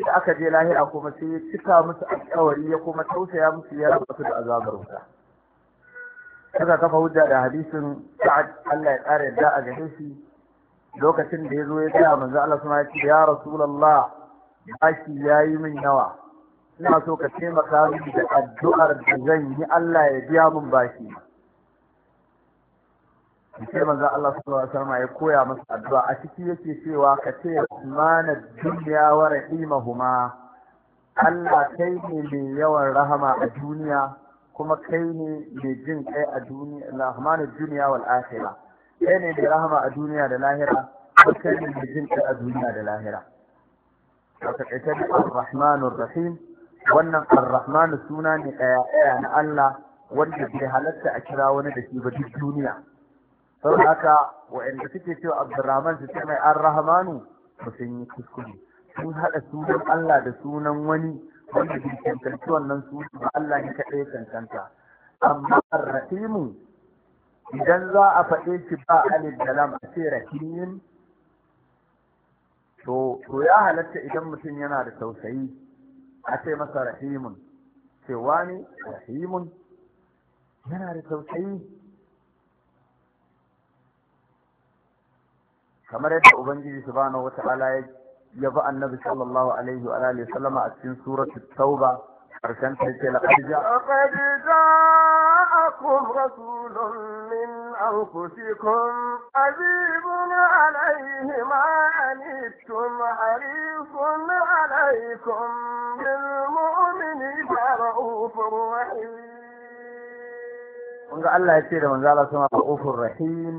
A: da aka je lahira kuma sai ya cika musu alkawari ya kuma tausaya musu ya raba su da azabar wuta suka kafa hujja da hadisin sa'ad Allah ya ƙara yadda a gare shi lokacin da ya zo ya tsaya manzo Allah suna ce ya rasulullah bashi yayi min yawa ina so ka taimaka min da addu'ar da zan yi Allah ya biya min bashi sai manzo Allah sallallahu alaihi wasallam ya koya masa addu'a a cikin yake cewa ka ce mana dunya wa rahimahuma Allah kai ne mai yawan rahama a duniya kuma kai ne mai jin kai a duniya rahmanu duniya wal akhirah kai ne mai rahama a duniya da lahira kuma kai ne mai jin kai a duniya da lahira wa taqaita ar-rahmanur rahim wannan ar rahmanu suna ne daya na Allah wanda bai halatta a kira wani da shi ba duk duniya sau haka wa'anda suke cewa abdurrahman su ce mai an rahamanu ba sun yi kuskure sun haɗa sunan allah da sunan wani wanda bai cancanci wannan sunan ba allah ne kaɗai cancanta amma rahimu idan za a faɗe shi ba alif da lam a ce rahimin to to ya halatta idan mutum yana da tausayi a ce masa rahimun cewa ne rahimun yana da tausayi kamar yadda ubangiji subhanahu wata'ala ya yabi annabi sallallahu alaihi wa alihi sallama a cikin suratul tauba karshen ta ce laqad
B: ja'aqad ja'akum rasulun min anfusikum azibun alaihi ma anittum harisun alaikum bil mu'minina ra'ufur rahim
A: kun ga Allah ya ce da manzo Allah sama ofin rahim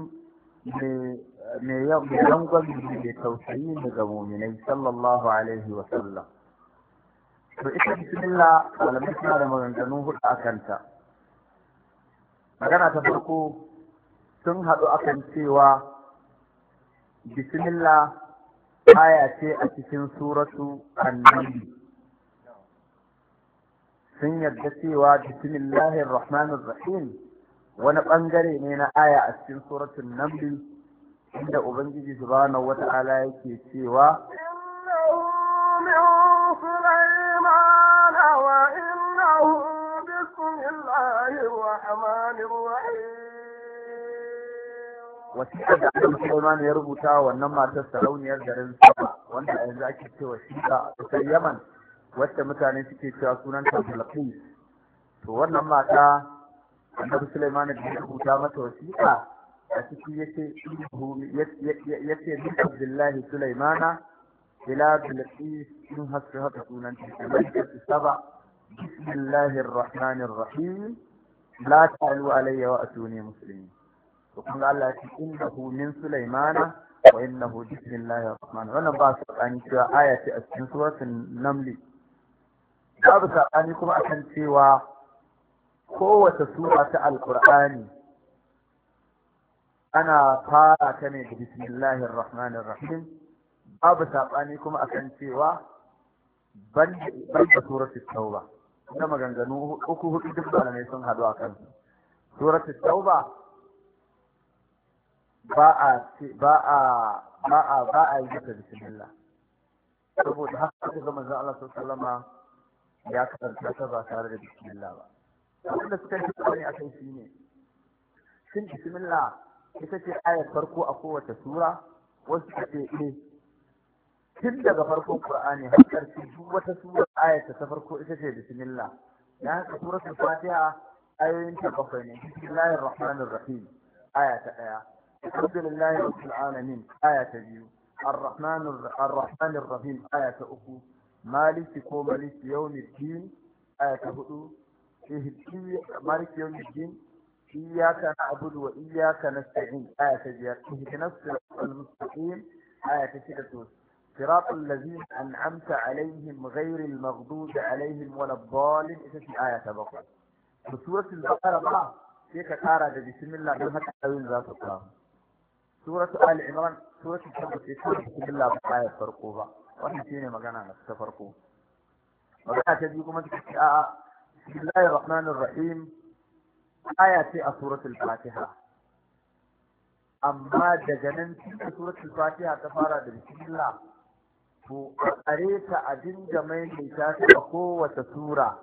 A: mai yawan gwamnati da tausayi daga muminai sallallahu alaihi wa sallam to ita bismillah malamai suna da maganganu hudu a kanta magana ta farko sun haɗu akan cewa bismillah aya ce a cikin suratu annabi sun yarda cewa bismillahir rahmanir rahim wani ɓangare ne na aya a cikin suratun namli inda ubangiji subhanahu wata'ala yake cewa wasiƙa da Adam Sulaiman ya rubuta wannan matar sarauniyar garin Saba wanda a yanzu ake cewa Shika a ƙasar Yaman wacce mutane suke cewa sunan sunanta Bilqis to wannan mata Annabi Sulaiman ya rubuta mata wasiƙa a ciki yace yace bin Abdullahi Sulaimana ila Bilqis in hasu haka sunan saba rahim la alayya wa atuni to kun Allah ya innahu min Sulaimana wa innahu wannan ba su tsani cewa aya ce a cikin suratul namli babu saɓani kuma akan cewa kowace sura ta alkur'ani ana fara ta ne da bismillahir rahmanir rahim babu sabani kuma akan cewa ban da suratul tauba na maganganu uku hudu duk ne sun hadu akan suratul tauba ba a ba a ba a ba a yi ta bismillah saboda haka ga manzon Allah sallallahu ya karanta ta ba tare da bismillah ba wanda suka yi tsari akan shi ne shin bismillah ita ce ayar farko a kowace sura wasu ka ce eh tun daga farkon qur'ani har karshe duk wata sura ayar ta farko ita ce bismillah dan haka suratul fatiha ayoyin ta bakwai ne bismillahir rahmanir rahim aya ta daya alhamdulillahi rabbil alamin aya ta biyu الرحمن الرحمن الرحيم آية أخو مالك كو مالك يوم الدين آية هدو مالك يوم الدين إياك نعبد وإياك نستعين آية جير اهدنا الصراط المستقيم آية شدة صراط الذين أنعمت عليهم غير المغضوب عليهم ولا الضالين إذا في آية بقرة بسورة البقرة بقى فيك قارة بسم الله بل هكا أين ذات الله سورة آل عمران سورة الحمد بسم الله بآية فرقوبة واحد فينا مقانا نفسه فرقوبة وقعت بيكم أنت بسم الله الرحمن الرحيم aya ce a suratul fatiha amma daga nan cikin suratul fatiha ta fara da bismillah to a tsare ta a dinga mai mai a kowace sura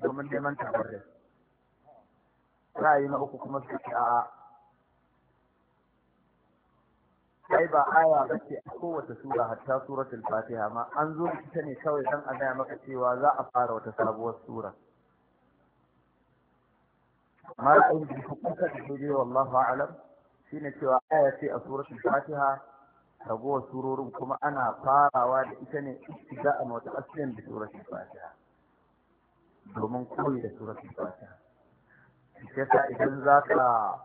A: domin neman tabarrai ra'ayi na uku kuma su a kai ba aya ba ce a kowace sura hatta suratul fatiha ma an zo ita ne kawai dan a gaya maka cewa za a fara wata sabuwar sura ما يقول بحكمك الحدودية والله أعلم shine cewa aya ce a suratul fatiha ragowar surorin kuma ana farawa da ita ne ibtida'an wa asirin da suratul fatiha domin koyi da suratul fatiha yasa idan za ka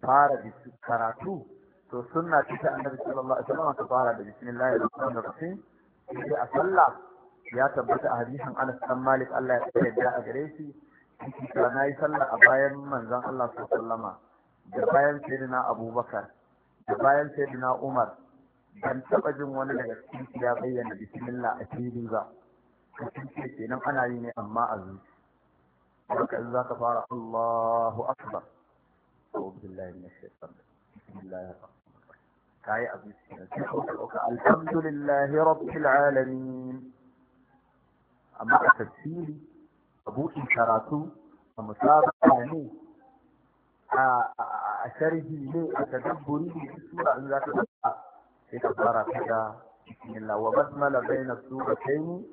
A: fara karatu to sunna ce ta annabi sallallahu alaihi wasallam ka fara da bismillahir rahmanir rahim sai a sallah ya tabbata a hadisin Anas dan Malik Allah ya tsare da a gare shi hakika na yi sallah a bayan manzon Allah sallama da bayan na Abubakar da bayan na Umar ban taba jin wani daga cikin ya bayyana bismillah a fili Ka cikin ke kenan ana yi ne amma a zuci haka in ka fara Allahu akbar to billahi min shaitan bismillahir Ka yi kai a zuci sai hauka alhamdulillahi rabbil alamin amma a tafsiri a buɗin karatu a musabaka ne a sharhi ne a tadabburi ne sura in za ta ɗauka sai ka fara ta da bismillah wa basmala baina suratayn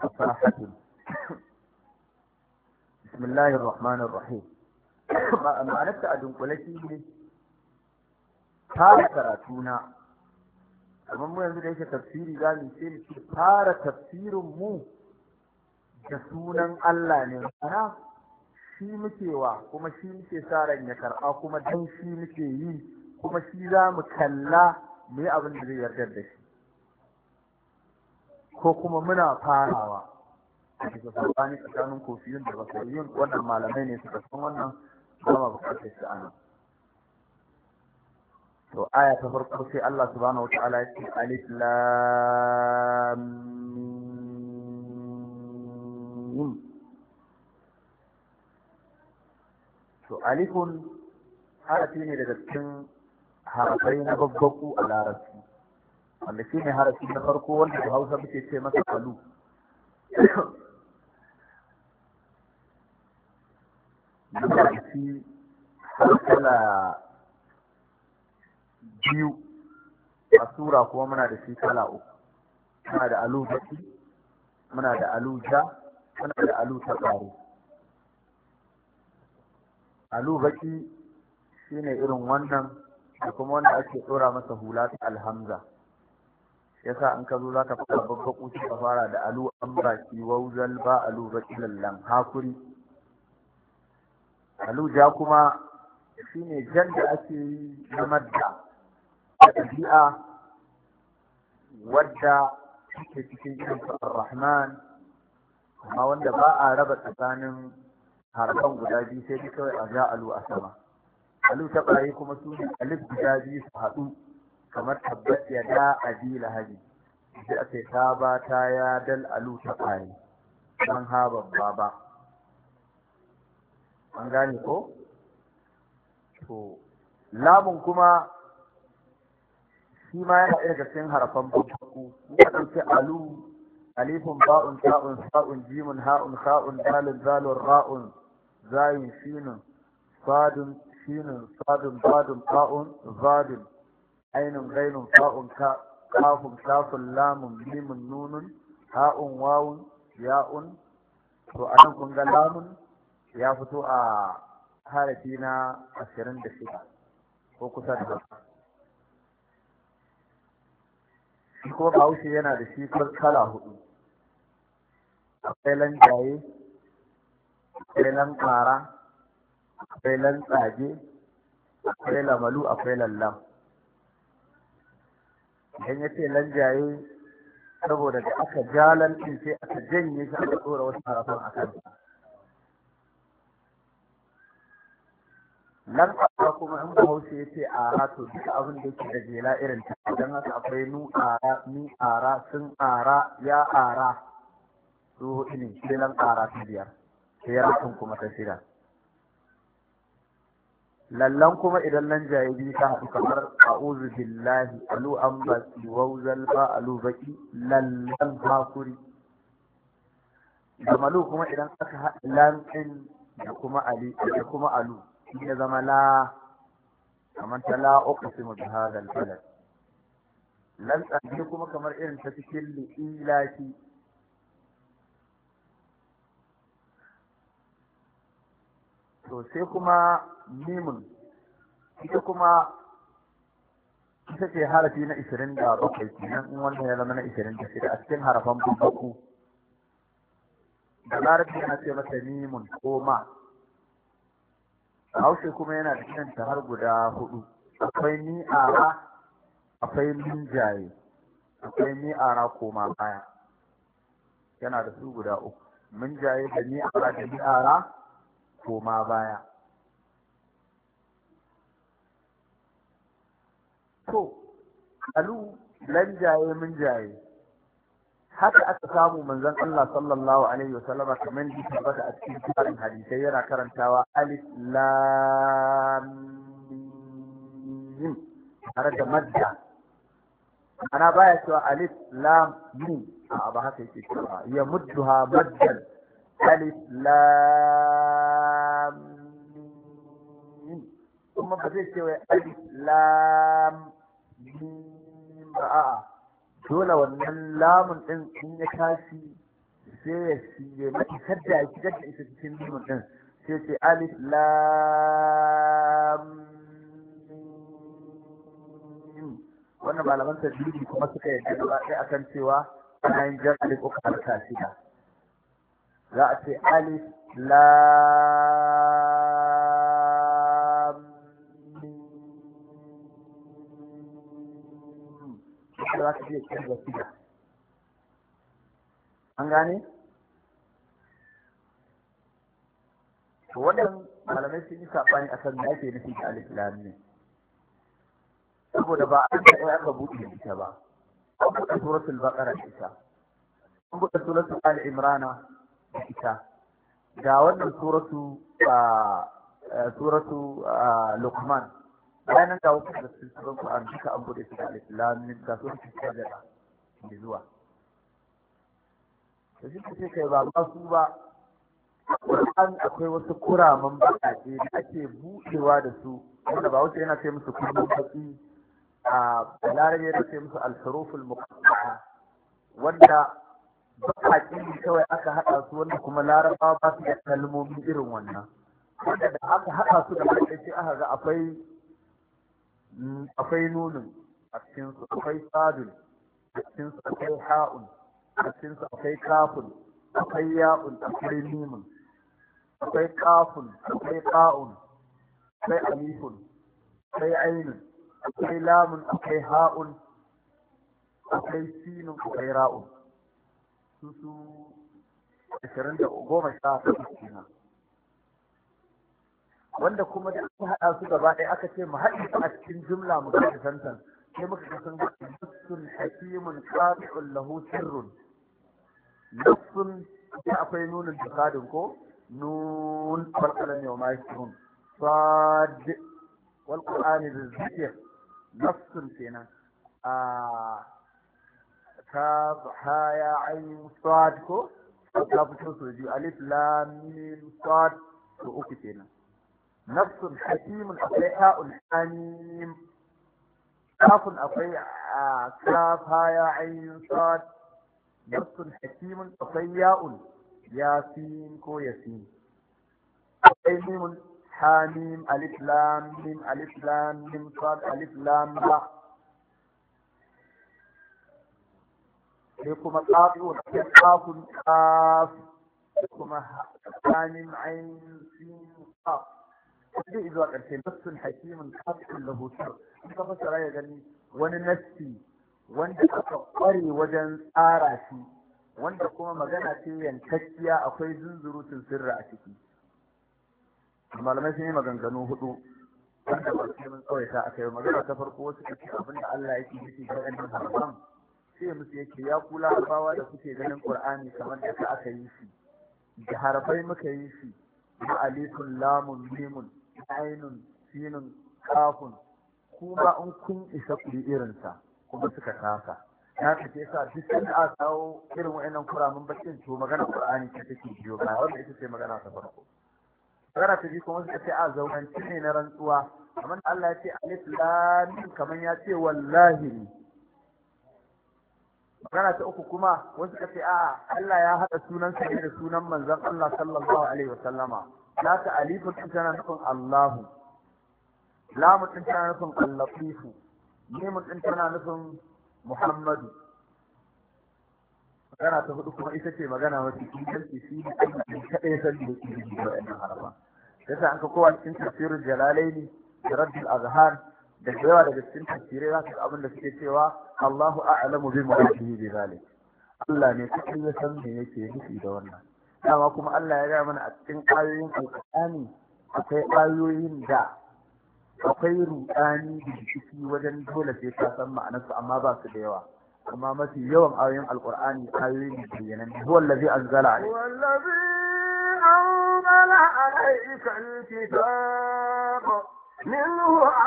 A: fasahatin bismillahir rahmanir rahim ma'anarta a dunkule shi ne fara karatu na kamar mu yanzu da yake tafsiri za mu ce fara tafsirin mu da sunan Allah ne ana shi muke wa kuma shi muke sa ran ya karɓa kuma dan shi muke yi kuma shi za mu kalla mu yi abin da zai yarda da shi ko kuma muna farawa daga sabani tsakanin kofiyun da yi. wannan malamai ne suka san wannan kuma bukatar shi ana to aya ta farko sai Allah subhanahu wa ta'ala ya ce alif lam to alifun harafi ne daga cikin harafai na babbaku a larabci wanda shi ne harafi na farko wanda da hausa muke ce masa alu Nufarci kala biyu a sura kuma muna da shi kala uku. Muna da alu baki, muna da alu ja, muna da alu ta tsari. alu shine irin wannan da kuma wanda ake tsora masa hula ta alhamza yasa in ka zo zaka fara babba kuci ka fara da alu ki wauzal ba alu baki lallan hakuri alu ja kuma shine jan da ake yi na madda da ɗabi'a wadda take cikin irin rahman amma wanda ba a raba tsakanin harafan guda biyu sai dai kawai a ga alu a sama alu ta ɓarayi kuma su ne alif guda biyu su haɗu kamar tabbas ya da abi lahabi sai a ce ta ba ta ya dal alu ta ɓarayi don ha babba ba an gane ko to lamun kuma shi ma yana ɗaya cikin harafan babbaku ya ɗauki alu alifun ba'un ta'un sa'un jimun ha'un ha'un dalil zalun ra'un zai shinin fadin shinin fadin fadin fa'un zalim ainin gainin fa'un ka kafun kafun lamun mimun nunun ha'un wawun ya'un to a nan kun ga lamun ya fito a harafi na ashirin da shida ko kusa da haka shi kuma bahaushe yana da shi kala hudu akwai lanjaye akwai lankwara akwai lantsaje akwai lamalu akwai lallam idan ya ce lanjaye saboda da aka jalan ɗin sai aka janye shi aka tsora wasu harafan a kan nan kuma in hausa ya ce ara to duka abin da yake da jela irin ta don haka akwai nu ara ni ara sun ara ya ara su hudu ne sai ara ta biyar hiyaratun kuma ta shida lallan kuma idan nan jaye ta haɗu kamar a'udhu billahi alu an baki wauzal ba alu baki lallan hakuri da kuma idan aka haɗa lantin da kuma ali da kuma alu shi ya zama la kamar ta la uqsimu bi hadha al-balad lantin kuma kamar irin ta cikin li'ilati to sai kuma mimun ita kuma ita ce harafi na 27 kenan in wannan ya zama na 26 a cikin harafan bubbaku da larabci yana ce mata mimun ko ma haushe kuma yana da kanta har guda hudu akwai ni'ara akwai min jaye. akwai ko koma baya yana da su guda uku Min jaye da ni'ara da ni'ara koma baya to alu lan jaye min jaye haka aka samu manzon Allah sallallahu alaihi wasallama kamar tabbata a cikin tsarin hadisai yana karantawa alif lam tare da madda ana baya cewa alif a ba haka yake cewa ya mudduha maddan alif lam kuma ba zai ce wai alif lam mim ba a'a dole wannan lamun din in ya tashi sai ya shige na isar da ake da ita cikin lamun din sai ce alif lam wannan malaman tajwidi kuma suka yarda ba ɗaya akan cewa ana yin jar alif uku harka shida za a ce alif lam za ka iya canza siga an gane to waɗannan malamai sun yi saɓani a kan da ake nufi da alif lam ne saboda ba an taɓa ɗaya aka buɗe ita ba an buɗe suratul baqara ita an buɗe suratul al imrana da ita ga wannan suratu suratu Luqman bayan ga wasu da sun tsoron Qur'an duka an bude su da Alif ga suratu Sajda da zuwa da shi ce kai ba ba su ba Qur'an akwai wasu kuraman baƙaƙe da ake buɗewa da su wanda ba wasu yana ce musu kuma baki a Larabe yana ce musu al-huruful muqatta'a wanda baƙaƙe kawai aka haɗa su wanda kuma larabawa ba su da kalmomi irin wannan wanda da aka haɗa su da baƙaƙe aka ga akwai akwai nunin a cikinsu akwai sadun a cikinsu akwai ha'un a cikinsu akwai kafun akwai ya'un akwai mimun akwai kafun akwai ka'un akwai alifun akwai ainun akwai lamun akwai ha'un akwai sinun akwai ra'un su su da goma sha wanda kuma da aka haɗa su gaba ɗaya aka ce mu haɗi a cikin jumla mu ga santan sai muka ga sun nafsun hakimun qati'un lahu sirrun nafsun sai akwai nunin jihadin ko nun falqalan yawma yashurun sad wal qur'ani bizikr nafsun kenan a ah, ta haya ya ayin ko ta fito alif lam mim to uku kenan nafsun hakimun akwai ha'un hamim kafin akwai kaf ya ayin nafsun hakimun akwai ya'un yasin ko yasin akwai mimun hamim alif lam alif lam mim alif sai kuma qafun qafun qaf kuma sanin ain sin qaf duk zuwa karshe nassun hakimin qafun lahu sir ka fasara ya gani wani nassi wanda aka ƙware wajen tsara shi wanda kuma magana ce yankakkiya akwai zunzurutun sirra a ciki malamai sun yi maganganu hudu wanda ba su yi mun tsawaita a kai magana ta farko wasu kake abin da Allah yake nufi ga ɗan haram sai musu yake ya kula bawa da kuke ganin qur'ani kamar da aka yi shi da harfai muka yi shi ma alifun lamun mimun ainun sinun kafun kuma in kun isa kuri irinsa kuma suka kasa na kace sa duk sun a kawo irin wa'annan kuramin bakin to magana qur'ani ce take biyo ba wanda ita ce magana ta farko magana ta biyu kuma suka ce a zaunanci ne na rantsuwa kamar Allah ya ce alif lam kamar ya ce wallahi magana ta uku kuma wasu ka ce a'a Allah ya haɗa sunan sa da sunan manzon Allah sallallahu alaihi wasallama la ta alifun tana nufin Allahu lamu din tana nufin Allahifu mimu din tana nufin Muhammadu magana ta hudu kuma ita ce magana mafi inganci shi ne Allah ne kaɗai san da yake da wa'annan harafa yasa an ka kowa cikin tafsirul jalalaini da raddul azhar da yawa daga cikin tafsirai za ka abin da suke cewa Allahu a'lamu bi muradihi bi zalik Allah ne kadai ya san me yake nufi da wannan dama kuma Allah ya ga mana a cikin ayoyin Alƙur'ani akwai ayoyin da akwai ruɗani da ciki wajen dole sai ka san ma'anarsu amma ba su da yawa amma mafi yawan ayoyin alqur'ani ayoyin da bayanan huwa allazi anzala alayka
B: anzala alayka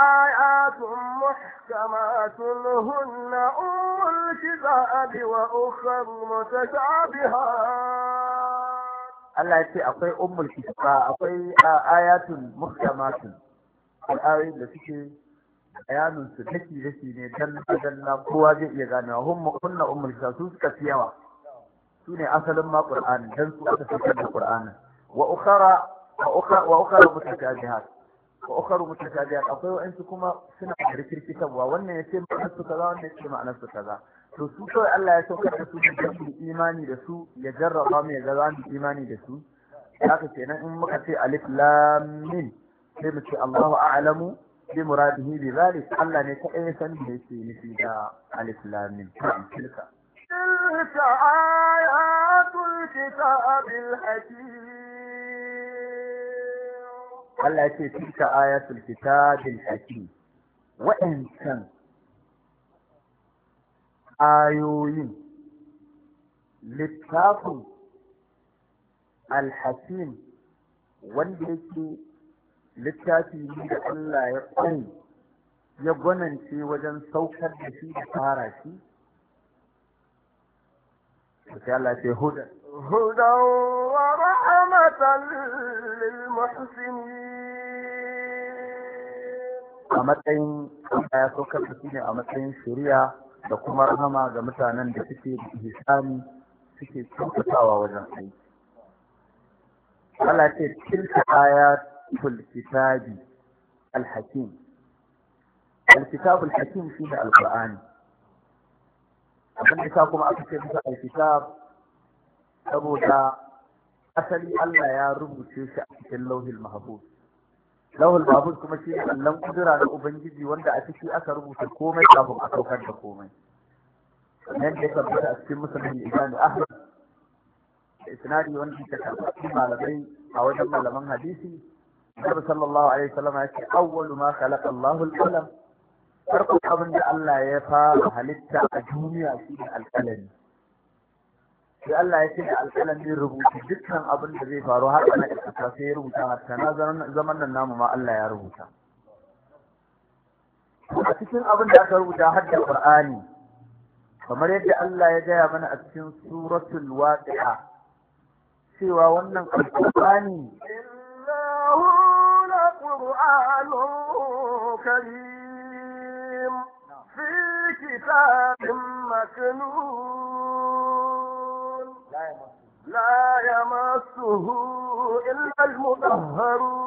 B: آيات محكمات هن أم الكتاب وأخر متشابهات
A: الله يتي أقوي أم الكتاب أقوي آيات محكمات الآية التي بيان سبتي لكي دن أدن قواج إيغانا هم هن أم الكتاب سوزك سوني أصل ما قرآن دن سوزك سيوا قرآن وأخرى وأخرى وأخرى متشابهات wa ta biya akwai wa'ansu kuma suna da rikirkitarwa wannan ya ce ma'anar su kaza wannan ya ce ma'anar su kaza to su kawai Allah ya saukar da su da su imani da su ya jarraba mu ya ga za mu imani da su haka kenan in muka ce alif lam mim sai mu ce Allahu a'lamu bi muradihi bi zalik Allah ne ta ɗaya san da yake nufi da alif lam mim tilka
B: tilka ayatul kitabil hakim
A: Allah ya ce tilka ayatul kitabil hakim wa'ancan ayoyin littafin alhakim wanda yake littafi ne da Allah ya ƙwai ya gwanance wajen saukar da shi da fara shi sai Allah ce hudan hudan
B: wa rahmatan lil muhsinin
A: a matsayin ya saukar da ne a matsayin shari'a da kuma rahama ga mutanen da suke hisani suke kyautatawa wajen aiki Allah ce tilka ayatul kitabi al-hakim الكتاب الحكيم Al-Qur'ani. abin da sa kuma aka ce musu alkitab saboda asali Allah ya rubuce shi a cikin lauhil mahfuz lahul mahfuz kuma shi ne allon kudura na ubangiji wanda a ciki aka rubuta komai kafin a saukar da komai kamar da ya tabbata a cikin musulmin ibrahim ahmad da isnadi wanda ke malamai a wajen malaman hadisi Nabi sallallahu alaihi wasallam ya ce awwalu ma khalaqa Allahu al-qalam farko abin da Allah ya fara halitta a duniya shi ne alƙalami sai Allah ya ce da alƙalamin rubutu dukkan abin da zai faru har ana ƙasa sai ya rubuta hatta na zaman nan namu ma Allah ya rubuta a cikin abin da aka rubuta har da ƙur'ani kamar yadda Allah ya gaya mana a cikin suratul waqi'a cewa wannan Qur'ani
B: قرآن كريم في كتاب مكنون لا يمسه إلا المطهرون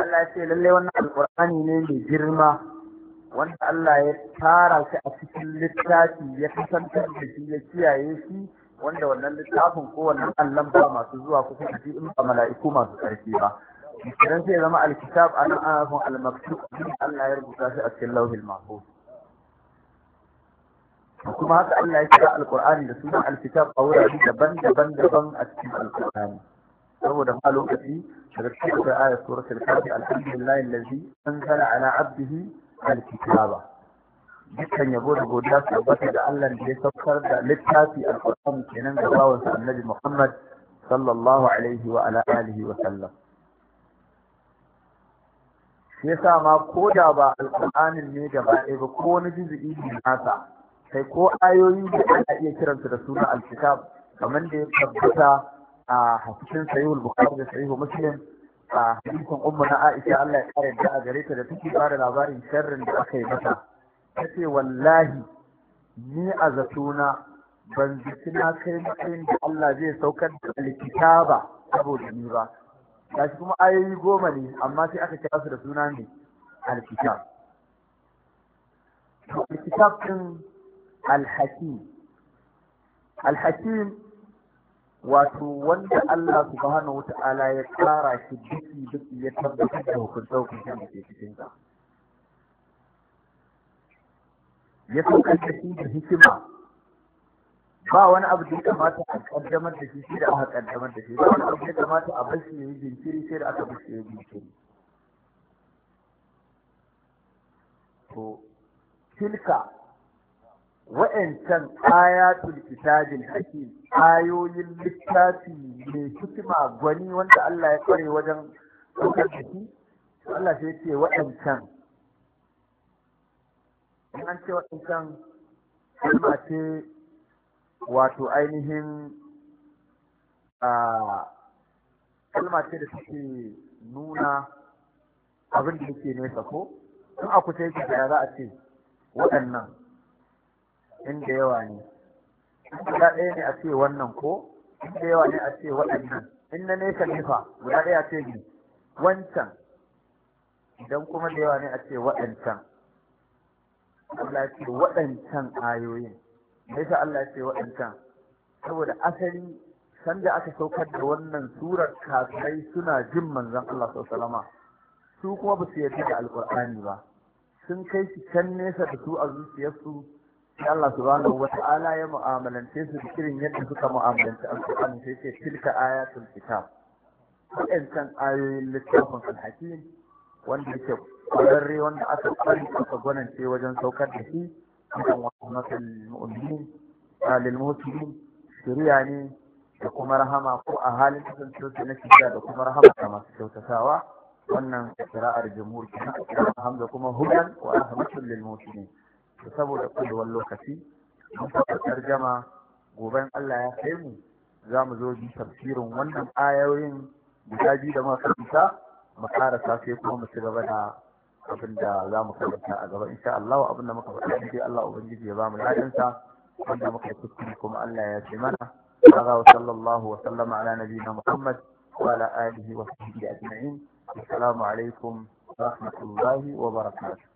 A: Allah ce lallai wannan alƙur'ani ne mai girma wanda Allah ya fara shi a cikin littafi ya kasantar da ya kiyaye shi wanda wannan littafin ko wannan allon ba masu zuwa kusa da shi in ba mala'iku masu ƙarfi ba. Kiran sai zama alkitab an anafin al-maktub Allah ya rubuta shi a cikin lauhin mahfuz. kuma haka Allah ya kira alkur'ani da sunan alkitab a wurare daban-daban daban a cikin alqur'ani saboda ma lokaci daga cikin akwai ayat suratul kafi alhamdulillahi allazi anzala ala abdihi alkitaba dukkan yabo da godiya su tabbata da Allah da ya saukar da littafi alqur'ani kenan ga bawansa annabi Muhammad sallallahu alaihi wa ala alihi wa sallam shi yasa ma ko da ba alqur'anin ne gaba ɗaya ba ko wani juzu'i ne nasa kai ko ayoyi da ana iya kiransu da suna alkitab kamar da ya tabbata a hadisin sahihul bukhari da sahihul muslim a hadisin ummu na aisha Allah ya kare da a gare ta da take ba da labarin sharrin da aka yi mata tace wallahi ni a zatuna ban zikina na kai matsayin da Allah zai saukar da alkitaba saboda ni ba shi kuma ayoyi goma ne amma sai aka kira su da suna ne alkitab alkitab ɗin. alhakim alhakim wato wanda Allah subhanahu wa ta'ala ya tsara shi duki duki ya tabbatar da hukunta hukunta da ke cikin sa ya saukar da shi da hikima ba wani abu da ya kamata a kaddamar da shi sai da aka kaddamar da shi ba wani abu da ya kamata a bar shi ya yi jinkiri sai da aka bar shi ya yi jinkiri to tilka wa'ancan ayatul kitabin hakim ayoyin littafi mai hikima gwani wanda Allah ya kware wajen ɗaukar da shi Allah sai ce wa'ancan in an ce wa'ancan kalma ce wato ainihin kalma ce da suke nuna abin da yake nesa ko in a kusa yake da za a ce waɗannan inda yawa ne guda ɗaya ne a ce wannan ko inda yawa ne a ce waɗannan in na nesa nifa guda ɗaya a ce ne wancan idan kuma da yawa ne a ce waɗancan Allah ce waɗancan ayoyin nesa Allah ce waɗancan saboda asali sanda aka saukar da wannan surar kafirai suna jin manzon Allah sallallahu su kuma ba su yarda da alƙur'ani ba sun kai shi can nesa da su a zuciyarsu sai Allah subhanahu wa ya mu'amalance su irin yadda suka mu'amalance alƙur'ani sai ce tilka ayatul kitab waɗancan ayoyin littafin alhakim wanda yake kwararre wanda aka tsari aka gwanance wajen saukar da shi kan wasan mu'minin lil muslimin shari'a ne da kuma rahama ko a halin kasancewa na shari'a da kuma rahama ga masu kyautatawa wannan kira'ar jumhur kenan hamza kuma hudan wa rahmatul lil muslimin saboda kulluwar lokaci mun Jama, tarjama goben Allah ya kai mu za mu zo bi tafsirin wannan ayoyin guda biyu da muka karanta mu karasa safe kuma mu ci gaba da abin da za mu karanta a gaba insha Allah abin da muka faɗa sai Allah ubangiji ya ba mu ladansa wanda muka kuskure kuma Allah ya ce mana هذا وصلى الله وسلم Muhammad, نبينا محمد wa آله وصحبه أجمعين السلام عليكم ورحمة الله وبركاته